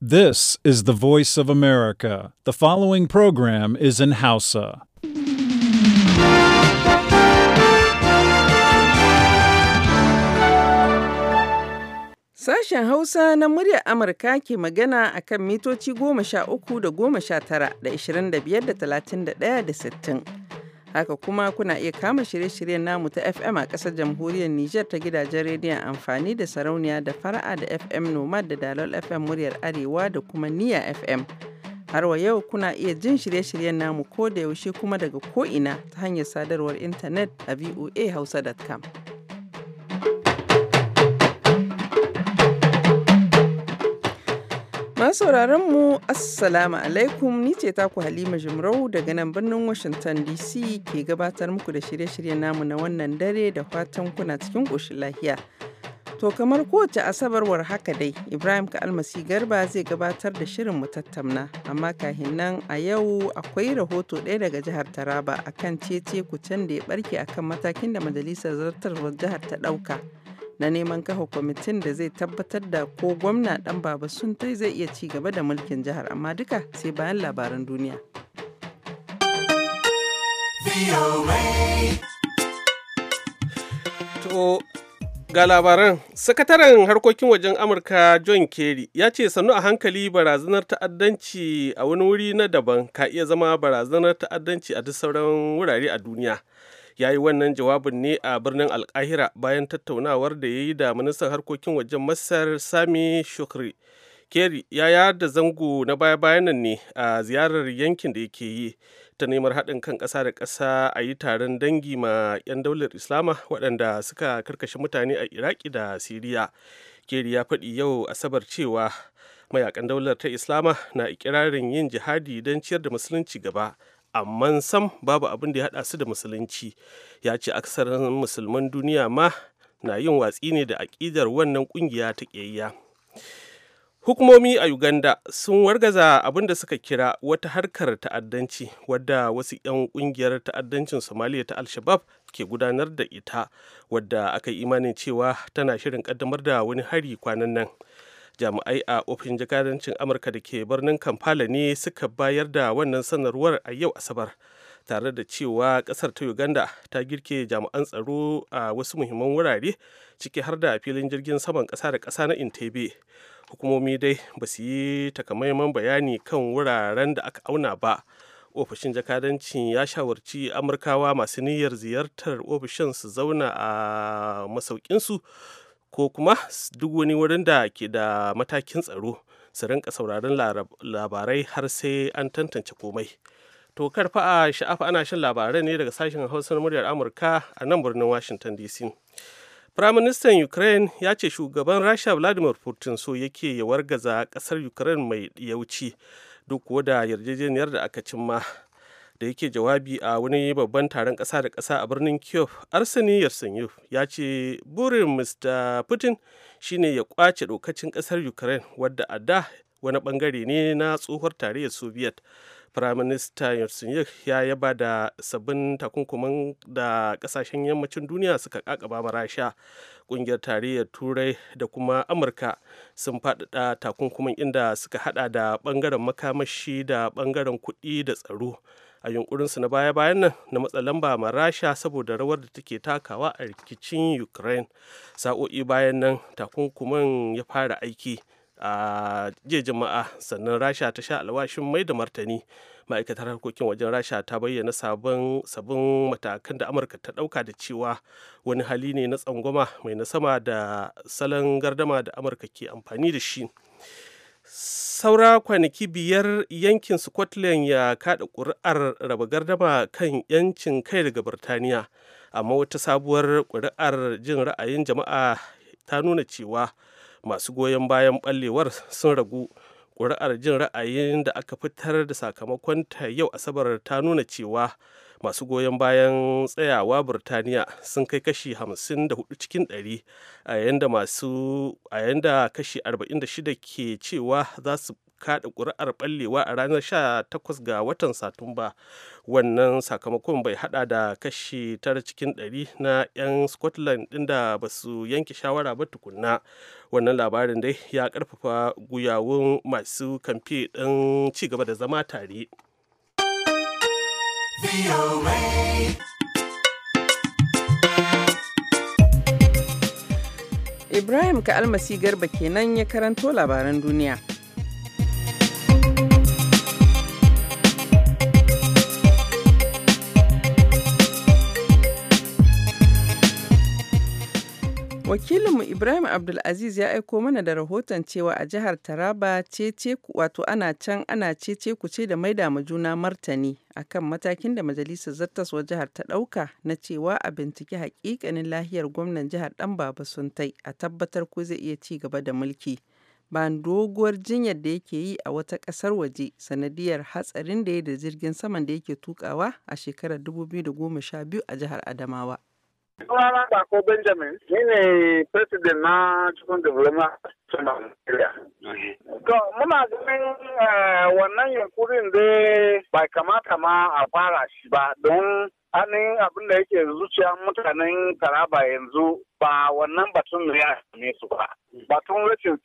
This is the voice of America. The following program is in Hausa. Sashen Hausa na muryar Amurka ke magana a kan mitoci goma sha uku da goma sha tara da ishirin da biyar da talatin da ɗaya da sittin. Haka kuma kuna iya kama shirye-shiryen namu ta FM a ƙasar jamhuriyar Nijar ta gidajen rediyon amfani da sarauniya da fara'a da FM Nomad da Dalol FM muryar Arewa da kuma Niya FM. Har wa yau kuna iya jin shirye-shiryen namu ko da yaushe kuma daga ko'ina ta hanyar sadarwar intanet a voahausa.com. Masu mu assalamu alaikum ni ce ku halima jimrau daga nan birnin washington dc ke gabatar muku da shirye-shiryen namu na wannan dare da fatan kuna cikin ƙoshin lahiya to kamar kowace asabarwar haka dai ibrahim ka'almasi garba zai gabatar da shirin mu tattauna amma kahin nan a yau akwai rahoto ɗaya daga jihar taraba akan cece kucen da ya barke akan matakin da majalisar zartarwar jihar ta ɗauka na neman kafa kwamitin da zai tabbatar da ko gwamna dan baba sun tai zai iya ci gaba da mulkin jihar amma duka sai bayan labaran duniya. ga labaran sakataren harkokin wajen amurka john kerry ya ce sannu a hankali barazanar ta'addanci a wani wuri na daban ka iya zama barazanar ta'addanci a duk sauran wurare a duniya. ya yi wannan jawabin ne a birnin alkahira bayan tattaunawar da ya yi da ministan harkokin wajen masar sami shukri keri ya yada zango na baya-bayan nan ne a ziyarar yankin da yake yi ta neman haɗin kan ƙasa da ƙasa a yi taron dangi ma 'yan daular islama waɗanda suka karkashe mutane a iraki da siriya keri ya faɗi yau asabar cewa mayakan daular ta islama na ikirarin yin jihadi don ciyar da musulunci gaba amma sam babu abin da ya haɗa su da musulunci ya ce aksarin musulman duniya ma na yin watsi ne da aƙidar wannan ƙungiya ta ƙiyayya hukumomi a uganda sun wargaza abin da suka kira wata harkar ta'addanci wadda wasu 'yan ƙungiyar ta'addancin somaliya ta al-shabab ke gudanar da ita wadda aka yi imanin cewa tana shirin ƙaddamar da wani hari kwanan nan jami'ai a ofishin jakadancin amurka da ke birnin kampala ne suka bayar da wannan sanarwar a yau asabar tare da cewa kasar ta uganda ta girke jami'an tsaro a wasu muhimman wurare ciki har da filin jirgin saman kasa da kasa na intebe hukumomi dai ba su yi takamaiman bayani kan wuraren da aka auna ba ofishin jakadancin ya shawarci amurkawa masu niyyar ziyartar ofishin su zauna a masaukinsu ko kuma duk wani wurin da ke da matakin tsaro su rinka sauraron labarai har sai an tantance komai to karfa a sha'afa ana shan labarai ne daga sashen Hausa na muryar amurka a nan birnin washington dc Firaministan Ukraine ya ce shugaban Rasha Vladimir Putin so yake ya wargaza kasar Ukraine mai yauci duk da yarjejeniyar da aka cimma da yake jawabi a wani babban taron ƙasa da ƙasa a birnin kyiv arseni yersenyuk ya ce burin mr putin shine ya kwace dokacin ƙasar ukraine wadda a da wani bangare ne na tsohuwar tarayyar soviet firaminista yersenyuk ya yaba da sabbin takunkuman da kasashen yammacin duniya suka kakaba ma rasha kungiyar tarayyar turai da kuma amurka sun faɗaɗa takunkuman inda suka hada da bangaren makamashi da bangaren kuɗi da tsaro a yunkurinsu na baya-bayan nan na matsa lamba ma rasha saboda rawar da take takawa a rikicin ukraine sa'o'i bayan nan takunkuman ya fara aiki a jiya jama'a sannan rasha ta sha alwashin mai da martani ma'aikatar harkokin wajen rasha ta bayyana sabon sabon matakan da amurka ta dauka da cewa wani hali ne na tsangwama mai na sama da salon gardama da amurka ke amfani da shi saura kwanaki biyar yankin scotland ya kada kuri'ar raba gardama kan yancin kai daga birtaniya amma wata sabuwar kuri'ar jin ra'ayin jama'a ta nuna cewa masu goyon bayan ballewar sun ragu kuri'ar jin ra'ayin da aka fitar da sakamakonta yau asabar ta nuna cewa masu goyon bayan tsayawa burtaniya sun kai kashi 54 cikin 100 a yayin kashi 46 ke cewa za su kada ƙuri'ar ɓallewa a ranar 18 ga watan satumba wannan sakamakon bai hada da kashi 9 cikin 100 na 'yan scotland ɗin da ba su yanke shawara ba tukunna wannan labarin dai ya karfafa guyawun masu kamfe ɗin ci gaba da zama tare Ibrahim Ka'almasi Garba kenan ya karanto labaran duniya. Wakilinmu Ibrahim Abdulaziz ya aiko mana da rahoton cewa a jihar Taraba cece wato ana can ana cece ku ce da maida ma juna martani akan matakin da majalisar zattaswa jihar ta dauka na cewa a binciki hakikanin lahiyar gwamnan jihar ɗan baba suntai a tabbatar ko zai iya ci gaba da mulki ba doguwar jinyar da yake yi a wata kasar waje sanadiyar hatsarin da ya da jirgin saman da yake tukawa a shekarar 2012 a jihar Adamawa. Sunana Bako Benjamin, ni ne president na Chukun Development Nigeria. To, wannan yankurin bai kamata ma a fara shi ba don abin da yake zuciya mutanen taraba yanzu ba wannan batun ne ya ne su ba. Batun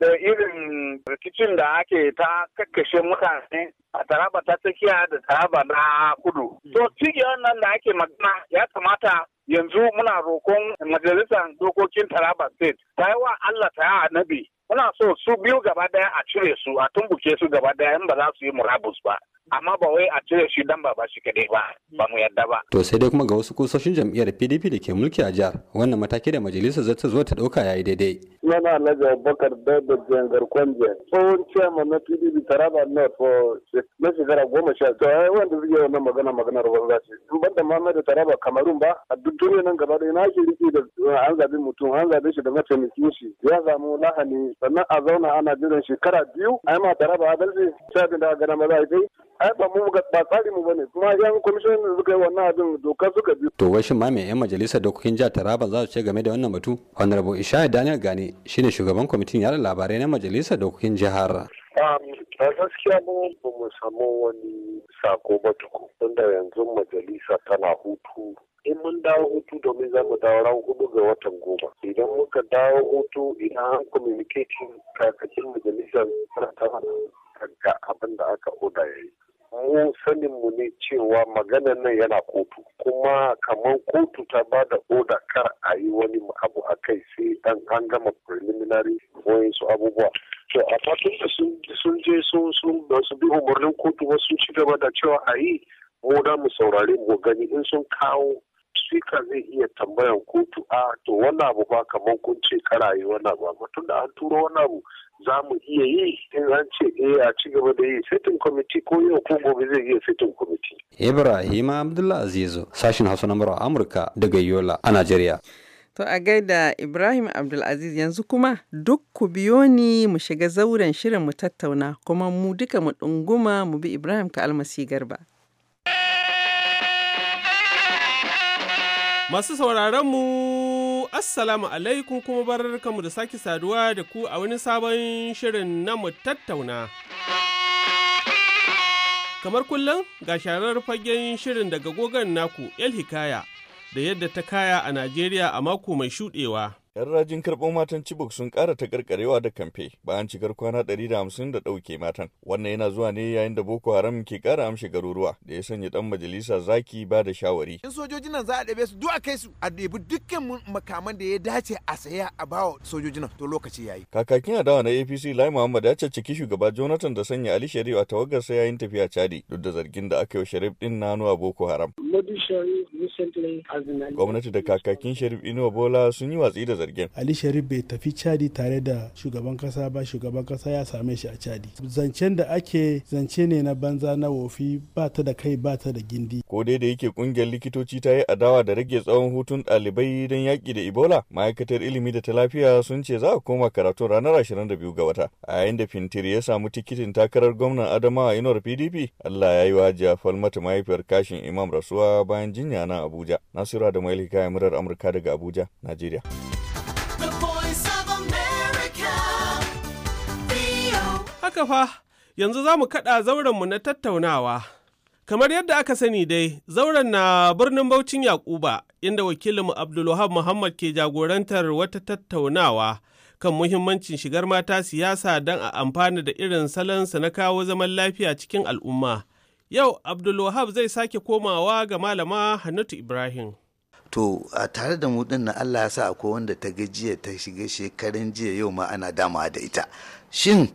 da eh, irin rikicin da ake ta kakkashe mutane a taraba ta tsakiya da taraba na kudu. To, cigiyar nan da ake magana ya kamata yanzu muna roƙon majalisar dokokin taraba state ta yi wa allah ta yi annabi muna so su biyu gaba daya a cire su a tumbuke su gaba daya in ba za su yi murabus ba amma ba wai a cire shi dan ba shi kadai ba ba mu yadda ba to sai dai kuma ga wasu kusoshin jam'iyyar PDP da ke mulki a jihar wannan mataki da majalisar zata zo ta dauka yayi daidai sunana Alhaji Abubakar Dauda Jengar Kwanje tsohon chairman na PDP Taraba North for na shekara goma sha to ai wanda suke wannan magana maganar banza ce in ban da Taraba Kamarun ba a duk duniya nan gaba ɗaya na shi riki da eh, an zabi mutum an zabe shi da mataimakin shi ya samu lahani sannan a zauna ana jiran shekara biyu ai ma Taraba adalci sai da gana maza yi. ai ba mu ba tsari mu bane kuma yan kwamishinan da suka yi wannan abin doka suka bi to wai shin ma me yan majalisar dokokin jihar Taraba za su ce game da wannan batu honorable Ishaya Daniel Gani shine shugaban kwamitin yaran labarai na majalisar dokokin jihar a gaskiya mu ba mu samu wani sako ba tuku tunda yanzu majalisa tana hutu in mun dawo hutu domin za mu dawo ran hudu ga watan goma idan muka dawo hutu idan an communicating kakakin majalisar tana tana ga abin da aka oda yayi. mu sanin mu ne cewa maganan nan yana kotu kuma kamar kotu ta ba da oda kar a yi wani abu a kai sai an gama preliminary su abubuwa to a fatan da sun je sun ba su bi umarnin kotu ba sun ci gaba da cewa a yi mu da mu saurare mu gani in sun kawo sika zai iya tambayan kotu a to wani abu ba kamar kun ce karaye wani abu amma da an turo wani abu za mu iya yi in an ce eh a ci gaba da yi setin kwamiti ko yau ko gobe zai iya setin kwamiti. Ibrahim abdullahi Azizu sashin Hausa na Amurka daga Yola a Najeriya. To a gaida Ibrahim Abdulaziz yanzu kuma duk ku biyo ni mu shiga zauren shirin mu tattauna kuma mu duka mu ɗunguma mu bi Ibrahim ka almasi garba. Masu mu Assalamu alaikum kuma bararka mu da sake saduwa da ku a wani sabon shirin na tattauna. Kamar kullum ga sharar fagen shirin daga gogon naku El Hikaya da yadda ta kaya a Najeriya a mako mai shuɗewa. 'Yan rajin karɓo matan Chibok sun ƙara ta karkarewa da kamfe bayan cikar kwana 150 da ɗauke matan. Wannan yana zuwa ne yayin da Boko Haram ke ƙara amshe garuruwa da ya sanya dan majalisa zaki ba da shawari. In sojojin nan za a ɗebe su duk a kai su a ɗebi dukkan makaman da ya dace a saya a bawa sojojin nan to lokaci yayi. Kakakin adawa na APC Lai Muhammad ya caccaki shugaba Jonathan da sanya Ali Sharif a sa yayin tafiya Chadi duk da zargin da aka yi wa Sharif din na a Boko Haram. Gwamnati da kakakin Sharif Inuwa Bola sun yi watsi da zargin ali sharif bai tafi chadi tare da shugaban kasa ba shugaban kasa ya same shi a chadi zancen da ake zance ne na banza na wofi ba ta da kai ba ta da gindi ko dai da yake kungiyar likitoci ta yi adawa da rage tsawon hutun ɗalibai don yaƙi da ebola ma'aikatar ilimi da ta lafiya sun ce za a koma karatu ranar 22 ga wata a yayin da fintiri ya samu tikitin takarar gwamnan adamawa inuwar pdp allah ya yi wa falmata mata mahaifiyar kashin imam rasuwa bayan jinya na abuja nasiru da mailika ya murar amurka daga abuja najeriya Haka fa, yanzu za mu kaɗa zaurenmu na tattaunawa. Kamar yadda aka sani dai, zauren na birnin Baucin Yakuba, inda wakilinmu Abdulwahab Muhammad ke jagorantar wata tattaunawa kan muhimmancin shigar mata siyasa don a amfana da irin salansa na kawo zaman lafiya cikin al'umma. Yau Abdulwahab zai sake komawa ga Malama Hannatu Ibrahim. to a tare da mu din Allah ya sa akwai wanda ta gajiya ta shiga shekarun jiya yau ma ana dama da ita shin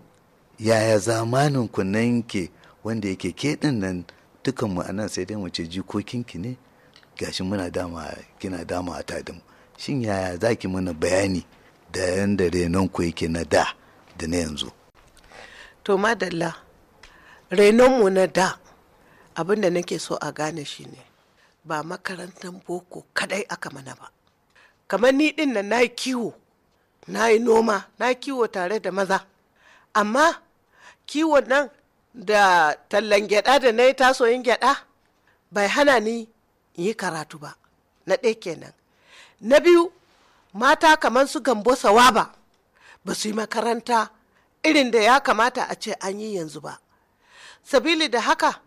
yaya zamanin ku nan ke wanda yake ke din nan dukan mu anan sai dai mu ce jikokinki ne gashi muna dama kina dama a mu. shin yaya zaki mana bayani da yanda renon ku yake na da da na yanzu to madalla renon mu na da abin da nake so a gane shi ne ba makarantar boko kadai aka mana ba kamar ni din nan na yi kiwo na yi noma na yi kiwo tare da maza amma kiwo nan da tallan gyada da na yi tasoyin gyada bai hana ni yi karatu ba na ɗaya kenan na biyu mata kamar su gambo sawa ba ba su yi makaranta irin da ya kamata a ce an yi yanzu ba sabili da haka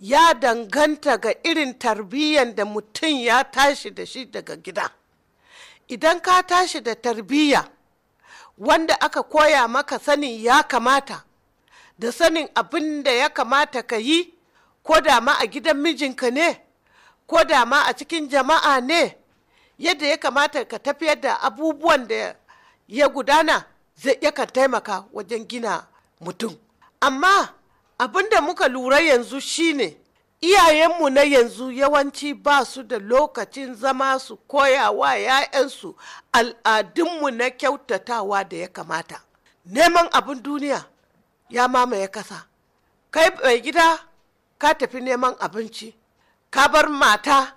ya danganta ga irin tarbiyyar da mutum ya tashi da shi daga gida idan ka tashi da tarbiyya wanda aka koya maka sanin ya kamata da sanin abin da ya kamata ka yi ko da ma a gidan mijinka ne ko da ma a cikin jama'a ne yadda ya kamata ka tafiyar da abubuwan da ya gudana zai yakan taimaka wajen gina mutum amma abin da muka lura yanzu shine iyayenmu na yanzu yawanci ba su da lokacin zama su koyawa wa 'ya'yansu al'adunmu na kyautatawa da ya kamata neman abin duniya ya mamaye kasa kai bai gida ka tafi neman abinci ka bar mata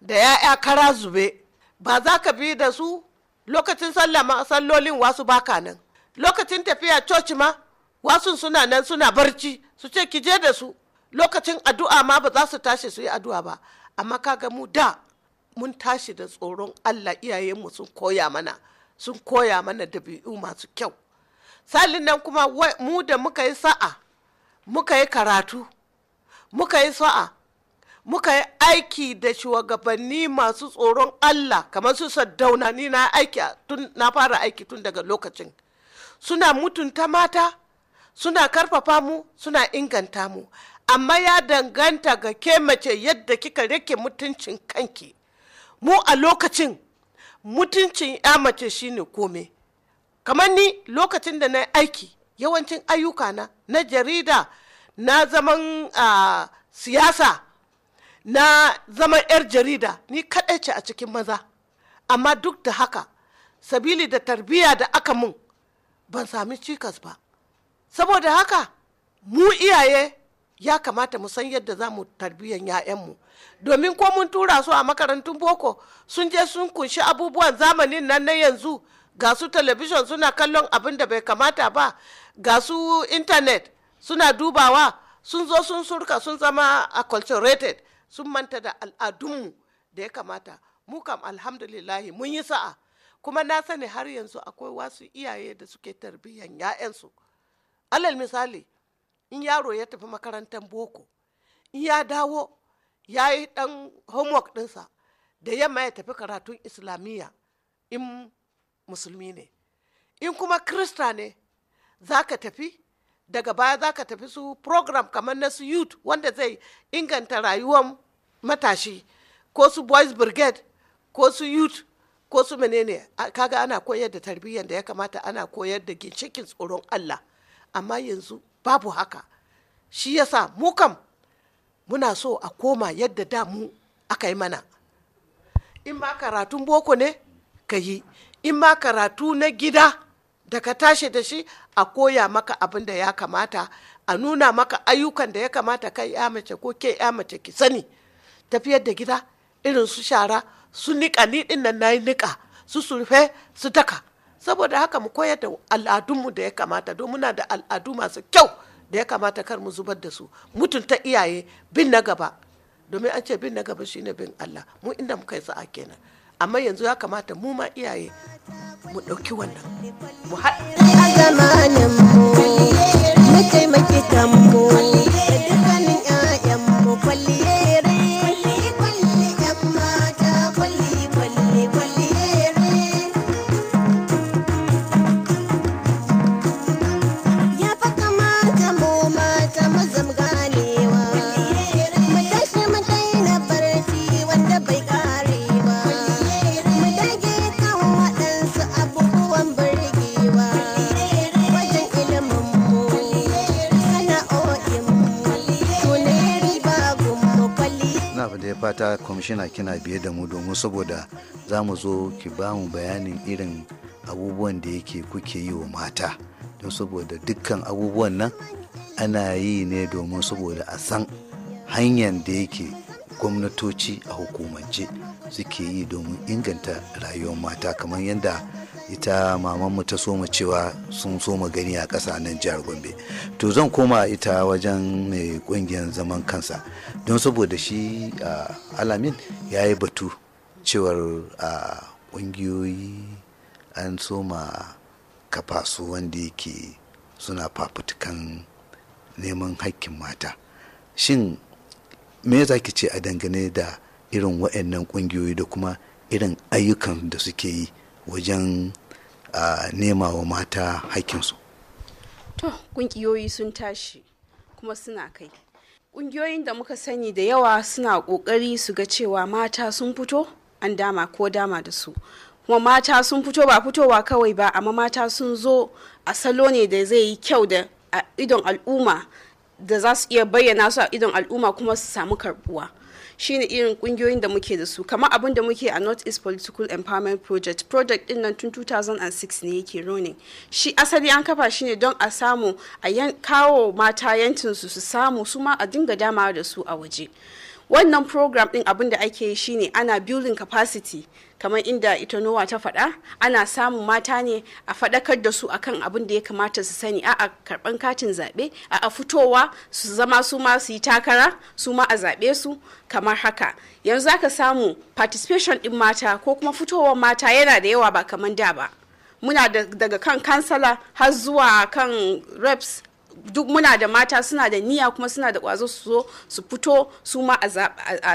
da 'ya'ya kara zube ba za ka bi da su lokacin sallolin wasu baka nan lokacin tafiya coci ma wasun suna nan suna barci su ce ki je da su lokacin addu'a ma ba za su tashi su yi addu'a ba amma kaga mu da mun tashi da tsoron allah iyayenmu sun koya mana sun koya mana dabi'u masu kyau salin nan kuma mu da muka yi sa'a muka yi karatu muka yi sa'a muka yi aiki da shugabanni masu tsoron Allah kamar su saddauna ni na aiki tun na fara aiki tun daga lokacin suna mutunta mata suna karfafa mu suna inganta mu amma ya danganta ga ke mace yadda kika rike mutuncin kanki mu a lokacin mutuncin ya mace shine kome kamar ni lokacin da na aiki yawancin ayyuka na na jarida na zaman uh, siyasa na zaman 'yar jarida ni kaɗai ce a cikin maza amma duk da haka sabili da tarbiyya da aka mun ban sami cikas ba saboda haka mu iyaye ya kamata mu san yadda za mu tarbiyyar 'ya'yanmu domin ko mun tura su a makarantun boko sun je sun kunshi abubuwan zamanin nan na yanzu ga su talabijin suna kallon abin da bai kamata ba ga su intanet suna dubawa sun zo sun surka sun zama acculturated sun manta da al'adunmu da ya kamata mu kam alhamdulillahi mun yi sa'a kuma na sani har yanzu akwai wasu iyaye da suke tarbiyyar 'ya'yansu alal misali in yaro ya tafi makarantar boko in ya dawo ya yi dan homework ɗinsa da yamma ya tafi karatun islamiyya in musulmi ne in kuma krista ne za ka tafi daga baya za ka tafi su program kamar na su youth wanda zai inganta rayuwar matashi ko su boys brigade ko su youth ko su menene kaga ana koyar da tarbiyyar da ya kamata ana koyar da ginshikin tsoron allah amma yanzu babu haka shi yasa mu kam muna so a koma yadda da mu aka yi mana in ma karatun boko ne ka yi in ma karatu na gida da ka tashi da shi a koya maka abin da ya kamata a nuna maka ayyukan da ya kamata kai ya mace ko ke ya mace ki sani tafiyar da gida irin su shara su niƙa ni ɗin nan na yi niƙa su surfe su daka saboda haka mu koyar da al'adunmu da ya kamata don muna da al'adu masu kyau da ya kamata kar mu zubar da su mutunta iyaye bin na gaba domin an ce bin na gaba shine bin Allah mu inda mu kai sa'a kenan amma yanzu ya kamata mu ma iyaye mu ɗauki wannan mu haɗa kwamishina kina biye da mu domin saboda za mu zo ki ba mu bayanin irin abubuwan da yake kuke yi wa mata don saboda dukkan abubuwan nan ana yi ne domin saboda a san hanyar da yake gwamnatoci a hukumance suke yi domin inganta rayuwar mata kamar yadda ita mamanmu ta soma cewa sun soma gani a ƙasa nan jihar gombe to zan koma ita wajen mai ƙungiyar zaman kansa don saboda shi alamin ya yi batu cewar a ƙungiyoyi an soma kafa su wanda yake suna fafutukan neman haƙƙin mata shin me za ki ce a dangane da irin waɗannan ƙungiyoyi da kuma irin ayyukan da suke yi wajen a nema wa mata haƙƙinsu to ƙungiyoyi sun tashi kuma suna kai ƙungiyoyin da muka sani da yawa suna ƙoƙari su ga cewa mata sun fito an dama ko dama da su kuma mata sun fito ba fitowa kawai ba amma mata sun zo a salo ne da zai yi kyau da idon al'umma da za su iya bayyana su a idon al'umma kuma su samu karbuwa shine irin kungiyoyin da muke da su kamar abin da muke a north east political empowerment project project din nan tun 2006 ne yake running shi asali an kafa shi ne don a samu a kawo mata yancinsu su su samu su ma a dinga dama da su a waje wannan program din abin da ake yi shine ana building capacity kamar inda ita nowa ta faɗa ana samun mata ne a faɗakar da su akan abin da ya kamata su sani a karɓan katin zaɓe a fitowa su zama su ma su yi takara su ma a zaɓe su kamar haka yanzu aka samu participation din mata ko kuma fitowar mata yana da yawa ba kamar da ba muna daga kan kansala har zuwa kan reps duk muna da mata suna da niyya kuma suna da ƙwazo su zo su fito su ma a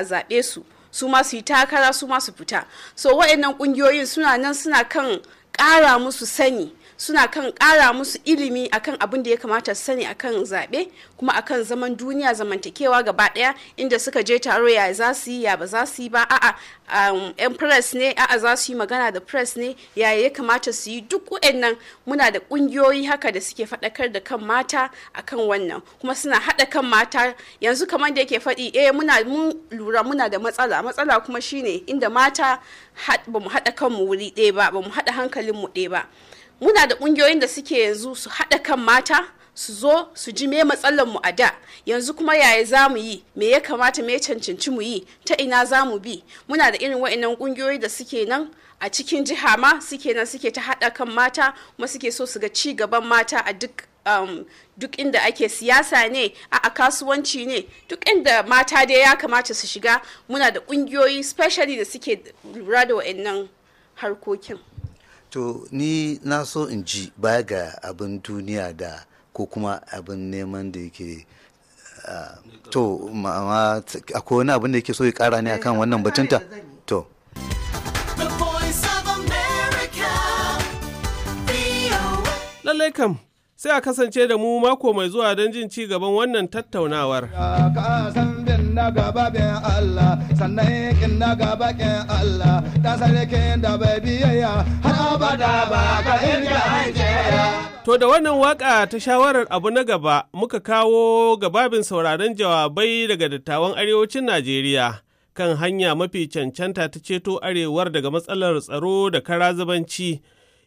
zaɓe su su ma su yi takara su ma su fita so wa'annan ƙungiyoyin suna nan suna kan ƙara musu sani suna kan kara musu ilimi akan abin da ya kamata su sani akan zaɓe kuma akan zaman duniya zamantakewa gaba ɗaya inda suka je taro ya za su yi ya ba za su yi ba a'a um, yan press ne a'a za su yi magana da press ne ya ya kamata su yi duk wa'annan muna da ƙungiyoyi haka da suke faɗakar da kan mata akan wannan kuma suna haɗa kan mata yanzu kamar da yake faɗi eh muna mun lura muna da matsala matsala kuma shine inda mata ba mu haɗa kanmu wuri ɗaya ba ba mu haɗa hankalinmu ɗaya ba muna da ƙungiyoyin da suke yanzu su haɗa kan mata su zo su ji me matsalar mu a da yanzu kuma yaya za mu yi me ya kamata me cancanci mu yi ta ina za mu bi muna da irin wa'annan kungiyoyi da suke nan a cikin jiha ma suke nan suke ta haɗa kan mata kuma suke so su ga ci gaban mata a duk um, duk inda ake siyasa ne a, kasuwanci ne duk inda mata dai ya kamata su shiga muna da kungiyoyi specially da suke lura da wa'annan harkokin to ni na so in ji baya ga abin duniya da ko kuma abin neman da yake ah, to ma'ama akwai wani abin da yake so ya kara ne akan wannan batunta to lallai kam sai a kasance da mu mako mai zuwa don jin ci gaban wannan tattaunawar. na gaba bin Allah sannan yankin na gaba kin Allah dan sarkin da bai biyayya har abada ba ka inda an To da wannan waka ta shawarar abu na gaba muka kawo gababin sauraron jawabai daga dattawan arewacin Najeriya kan hanya mafi cancanta ta ceto arewar daga matsalar tsaro da karazabanci.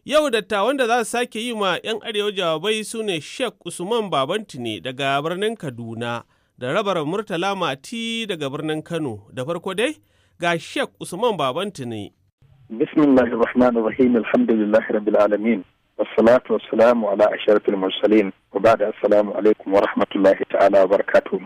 Yau dattawan da za su sake yi ma 'yan arewa jawabai su ne Sheikh Usman Babantini daga birnin Kaduna. da rabar Murtala Mati daga birnin Kano da farko dai ga Sheikh Usman babanta ne. Bismillahir Rahmanir Rahim Alhamdulillahi Rabbil Alamin Wassalatu wassalamu ala asharfil mursalin wa ba'da assalamu alaikum wa rahmatullahi ta'ala wa barakatuh.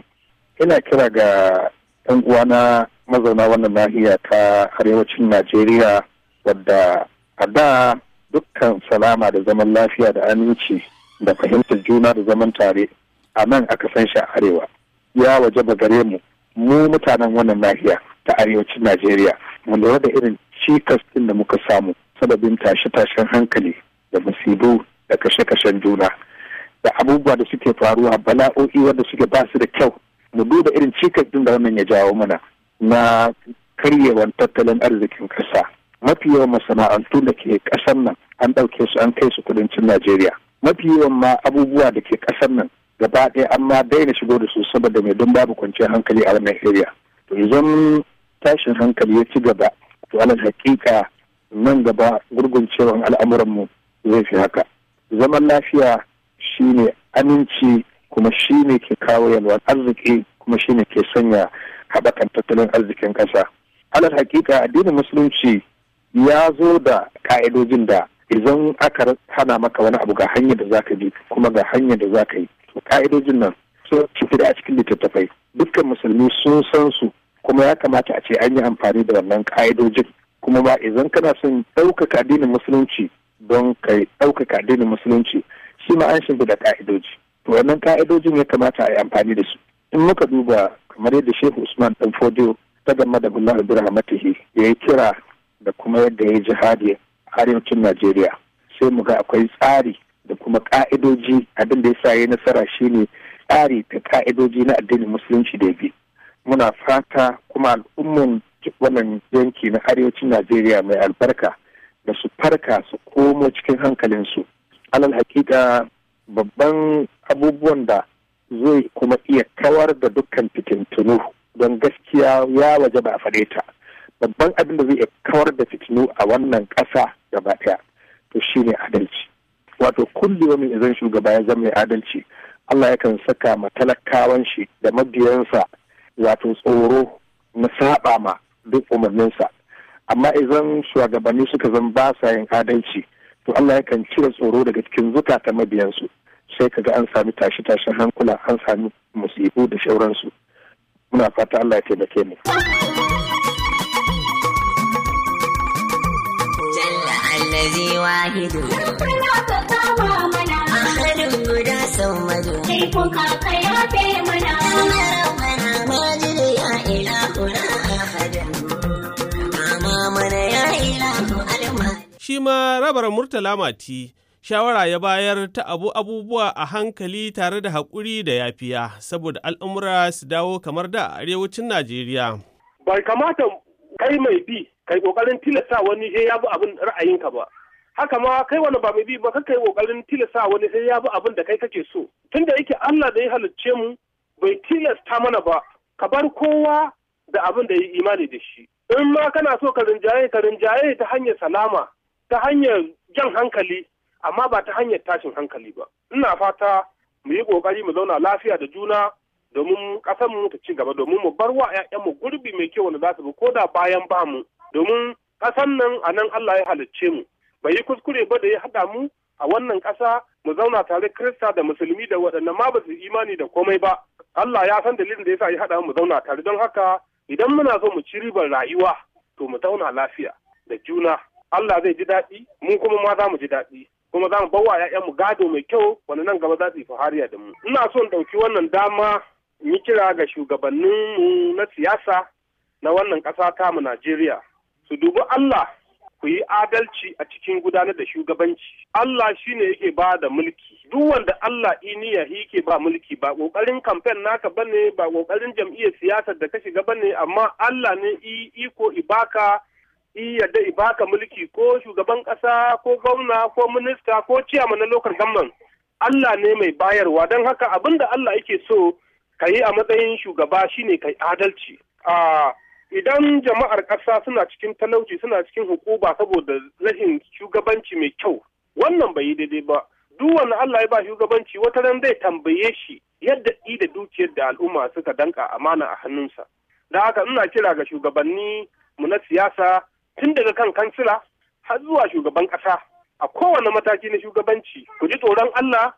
Ina kira ga ɗan uwana mazauna wannan nahiya ta arewacin Najeriya wadda a da dukkan salama da zaman lafiya da aminci da fahimtar juna da zaman tare a nan aka san shi a arewa ya waje ba gare mu mu mutanen wannan nahiya ta arewacin najeriya mu lura da irin cikas ɗin da muka samu sababin tashe-tashen hankali da musibu da kashe-kashen juna da abubuwa da suke faruwa bala'o'i wanda suke ba su da kyau mu duba irin cikas ɗin da wannan ya jawo mana na karyewan tattalin arzikin ƙasa mafi yawan masana'antu da ke ƙasar nan an ɗauke su an kai su kudancin najeriya mafi yawan ma abubuwa da ke ƙasar nan gaba ɗaya an ma daina shigo da su saboda mai don babu kwanciyar hankali a wannan area to idan tashin hankali ya ci gaba to alal hakika nan gaba gurguncewan mu zai fi haka zaman lafiya shine aminci kuma shine ke kawo yalwar arziki kuma shine ke sanya haɓakan tattalin arzikin ƙasa alal hakika addinin musulunci ya zo da ka'idojin da idan aka hana maka wani abu ga hanyar da zaka bi kuma ga hanyar da za ka yi ka'idojin nan sun fi da a cikin littattafai dukkan musulmi sun san su kuma ya kamata a ce an yi amfani da wannan ka'idojin kuma ba idan kana son ɗaukaka addinin musulunci don kai ɗaukaka addinin musulunci shi ma an da ka'idoji to wannan ka'idojin ya kamata a yi amfani da su in muka duba kamar yadda shehu usman dan fodio ta game da bullah rahmatihi ya yi kira da kuma yadda ya yi jihadi a arewacin najeriya sai mu ga akwai tsari da kuma ka'idoji abin da ya sa ya nasara shine tsari da ka'idoji na addinin musulunci da bi muna fata kuma al'umman wannan yanki na arewacin najeriya mai albarka da su farka su komo cikin hankalinsu alal hakika babban abubuwan da zai kuma iya kawar da dukkan fitintunu don gaskiya ya waje ba a faɗe ta babban abin da zai iya kawar da fitinu a wannan ƙasa gaba ɗaya to shine adalci wato wani izan shugaba ya zama mai adalci Allah ya kan saka ma talakawan shi da mabiyansa wato tsoro na saba ma duk umarninsa amma izan shugabanni suka zan ba sa yin adalci to Allah ya kan cire tsoro daga cikin zukata mabiyansu sai kaga an sami tashi tashin hankula an sami musibu da shauransu muna fata Allah ya taimake mu allazi wahidu mana shi ma rabar murtala mati shawara ya bayar ta abu abubuwa a hankali tare da haƙuri da yafiya saboda al'umura su dawo kamar da a arewacin Najeriya. Bai kamata kai mai bi kai kokarin tilasta wani sai ya bi abin ra'ayinka ba haka ma kai wani ba mai bi ba kai kokarin tilasta wani sai ya bi abin da kai kake so tunda yake Allah da ya halicce mu bai tilasta mana ba ka bar kowa da abin da ya imani da shi in ma kana so ka rinjaye ka rinjaye ta hanyar salama ta hanyar jan hankali amma ba ta hanyar tashin hankali ba ina fata mu yi kokari mu zauna lafiya da juna domin ƙasar mu ta ci gaba domin mu bar wa mu gurbi mai kyau wanda za su bi ko da bayan ba mu domin ƙasan nan a nan Allah ya halicce mu bai yi kuskure ba da ya haɗa mu a wannan ƙasa mu zauna tare Kirista da Musulmi da waɗanda ma ba su imani da komai ba Allah ya san dalilin da ya sa ya haɗa mu zauna tare don haka idan muna so mu ci ribar rayuwa to mu zauna lafiya da juna Allah zai ji daɗi mu kuma ma za mu ji daɗi kuma za mu bawa mu gado mai kyau wanda nan gaba za su yi fahariya da mu ina son ɗauki wannan dama yi kira ga shugabanninmu na siyasa na wannan ƙasa tamu Najeriya su dubi Allah ku yi adalci a cikin gudanar da shugabanci. Allah shi ne yake ba da mulki. Duk wanda Allah iniya yake ba mulki ba ƙoƙarin kamfen naka ba ne, ba ƙoƙarin jam'iyyar siyasar da ka shiga ba ne, amma Allah ne iko ibaka yadda ibaka mulki ko shugaban ƙasa ko gwamna ko minista ko ciyama na lokar gamman Allah ne mai bayarwa don haka abin da Allah yake so ka yi a matsayin shugaba shine kai adalci a idan jama'ar ƙasa suna cikin talauci suna cikin hukuma saboda rashin shugabanci mai kyau wannan bai yi daidai ba duk wani Allah ya ba shugabanci wata ran zai tambaye shi yadda i da dukiyar da al'umma suka danka amana a hannunsa da haka ina kira ga shugabanni mu na siyasa tun daga kan kansila har zuwa shugaban ƙasa a kowane mataki na shugabanci ku ji tsoron Allah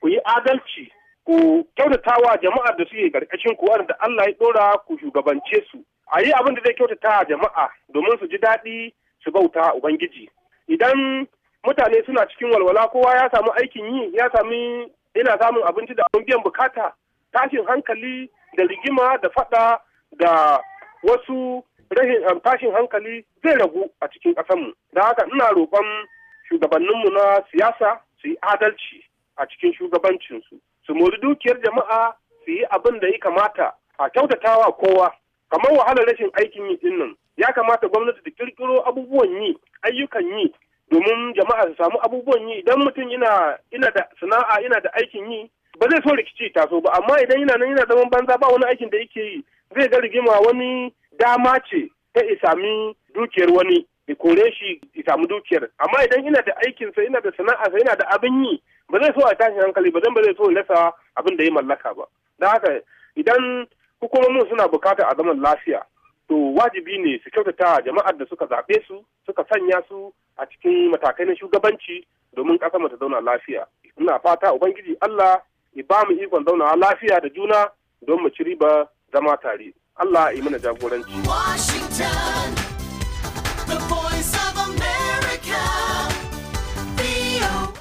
ku yi adalci ku kyautatawa jama'ar da suke karkashin ku da Allah ya dora ku shugabance su a yi abin da zai kyautata jama'a domin su ji daɗi su bauta ubangiji idan mutane suna cikin walwala kowa ya samu aikin yi ya sami yana samun abinci da abin biyan bukata tashin hankali da rigima da fada da wasu rahin tashin hankali zai ragu a cikin ƙasarmu da haka ina roƙon shugabanninmu na siyasa su yi adalci a cikin shugabancinsu su mori dukiyar jama'a su yi abin da ya kamata a kyautata wa kowa kamar wahalar rashin aikin yi din nan ya kamata gwamnati ta kirkiro abubuwan yi ayyukan yi domin jama'a su samu abubuwan yi idan mutum yana ina da sana'a yana da aikin yi ba zai so rikici ta taso ba amma idan yana nan yana zaman banza ba wani aikin da yake yi zai ga rigima wani dama ce ta isami dukiyar wani ya kore shi ya samu dukiyar amma idan ina da aikinsa ina da sana'arsa ina da abin yi ba zai so a tashi hankali ba zan ba zai so ya rasa abin da ya mallaka ba don haka idan hukumomin suna bukatar a zaman lafiya to wajibi ne su kyautata jama'ar da suka zaɓe su suka sanya su a cikin matakai na shugabanci domin ƙasar mu ta zauna lafiya ina fata ubangiji Allah ya ba mu ikon zauna lafiya da juna don mu ci riba zama tare Allah ya mana jagoranci Washington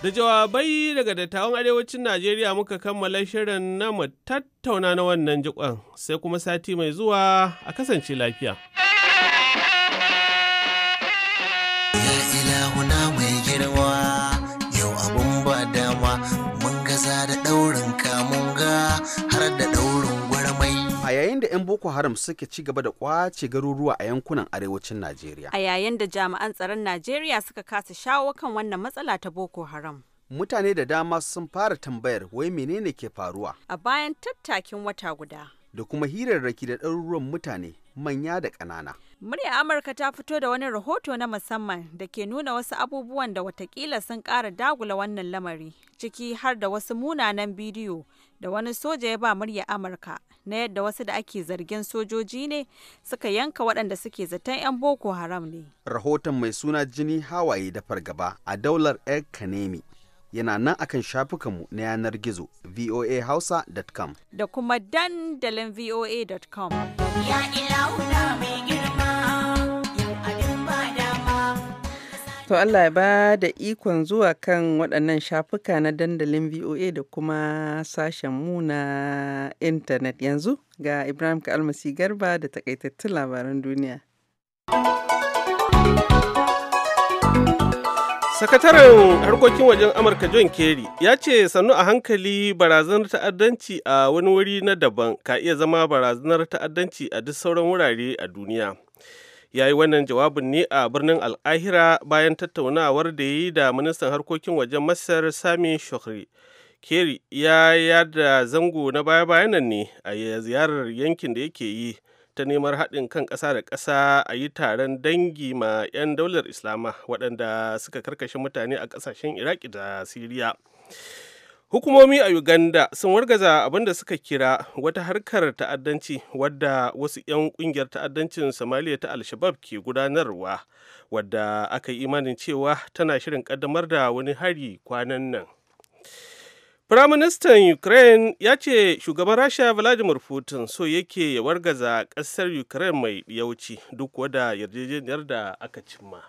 Da jawabai daga dattawan arewacin Najeriya muka kammala shirin na mu tattauna na wannan jikon sai kuma sati mai zuwa a kasance lafiya. 'yan Boko Haram suke ci gaba da kwace garuruwa a yankunan arewacin Najeriya. A yayin da jami'an tsaron Najeriya suka kasa shawo kan wannan matsala ta Boko Haram. Mutane da dama sun fara tambayar wai menene ke faruwa. A bayan tattakin wata guda. Da kuma hirarraki da ɗaruruwan mutane manya da ƙanana. Murya Amurka ta fito da wani rahoto na musamman da ke nuna wasu abubuwan da watakila sun ƙara dagula wannan lamari, ciki har da wasu munanan bidiyo da wani soja ya ba murya Amurka na yadda wasu da ake zargin sojoji ne suka yanka waɗanda suke zaton 'yan boko haram ne rahoton mai suna jini hawaye da fargaba a daular el kanemi yana nan akan shafukanmu na yanar gizo voahausa.com da kuma dandalin voa.com ya mai To Allah ya ba da ikon zuwa kan waɗannan shafuka na dandalin VOA da kuma sashen mu na intanet yanzu ga Ibrahim Kalmasi Garba da takaitattun labaran duniya. Sakataren harkokin wajen Amurka John Kerry ya ce sannu a hankali barazanar ta'addanci a wani wuri na daban ka iya zama barazanar ta'addanci a duk sauran wurare a duniya. ya yi wannan jawabin ne a birnin al'ahira bayan tattaunawar da yi da ministan harkokin wajen masar sami shokri keri ya yada zango na baya-bayan nan ne a ziyarar yankin da yake yi ta neman haɗin kan ƙasa da ƙasa a yi taron dangi ma 'yan daular islama waɗanda suka karkashe mutane a ƙasashen iraki da siriya Hukumomi a Uganda sun wargaza abin da suka kira wata harkar ta'addanci wadda wasu 'yan kungiyar ta'addancin Somalia ta Alshabab ke gudanarwa, wadda aka yi imanin cewa tana shirin kaddamar da wani hari kwanan nan. Firaministan Ukraine ya ce shugaban Rasha Vladimir Putin so yake ya wargaza ƙasar Ukraine mai yauci duk wada yarjejeniyar da aka cimma.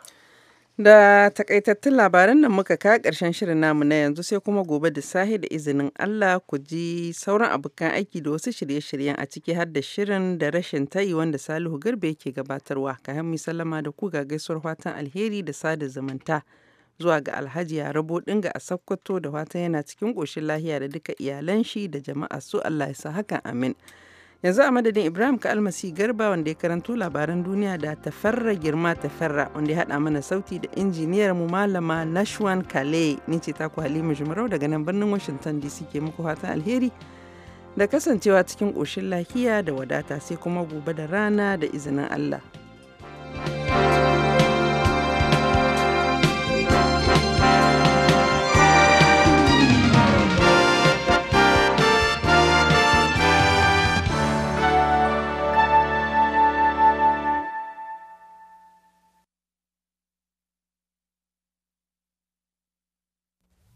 Da takaitattun labaran nan muka ka ƙarshen shirin namu na yanzu sai kuma gobe da sahi da izinin Allah ku ji sauran abokan aiki da wasu shirye-shiryen a ciki har da shirin da rashin tayi wanda Salihu Garba yake gabatarwa. Ka hammi sallama da ku ga gaisuwar fatan alheri da sada zumunta zuwa ga Alhaji ya rabo Dinga a Sokoto da fatan yana cikin ƙoshin lahiya da duka iyalan shi da jama'a su Allah ya sa hakan amin. yanzu a madadin ibrahim ka almasi garba wanda ya karanto labaran duniya da tafarra girma tafarra wanda ya hada mana sauti da injiniyar mu malama nashwan kale ni ce ta ku halima jumarau daga nan birnin washington dc ke muku fatan alheri da kasancewa cikin koshin lafiya da wadata sai kuma gobe da rana da izinin allah